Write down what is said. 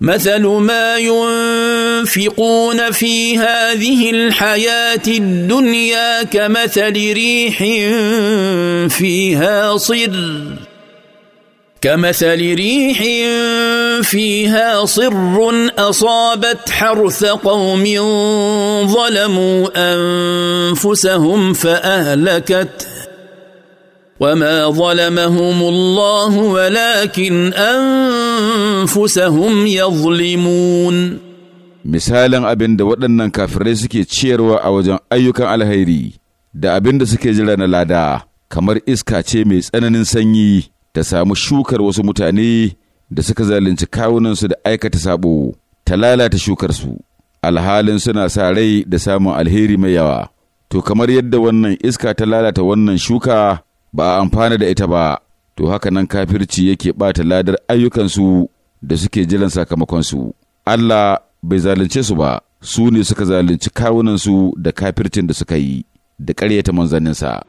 مثل ما ينفقون في هذه الحياة الدنيا كمثل ريح فيها صر كمثل ريح فيها صر أصابت حرث قوم ظلموا أنفسهم فأهلكته وما ظلمهم الله ولكن أنفسهم يظلمون misalin abin da waɗannan kafirai suke ciyarwa a wajen ayyukan alheri da abin da suke jira na lada kamar iska ce mai tsananin sanyi ta samu shukar wasu mutane da suka zalunci kawunansu da aikata sabo ta lalata shukarsu alhalin suna sa rai da samun alheri mai yawa to kamar yadda wannan iska ta lalata wannan shuka ba a amfana da ita ba to haka nan kafirci yake ɓata ladar ayyukansu da suke jiran sakamakonsu Allah bai zalunce su ba su ne suka zalunci kawunansu da kafircin da suka yi da ƙaryata manzanninsa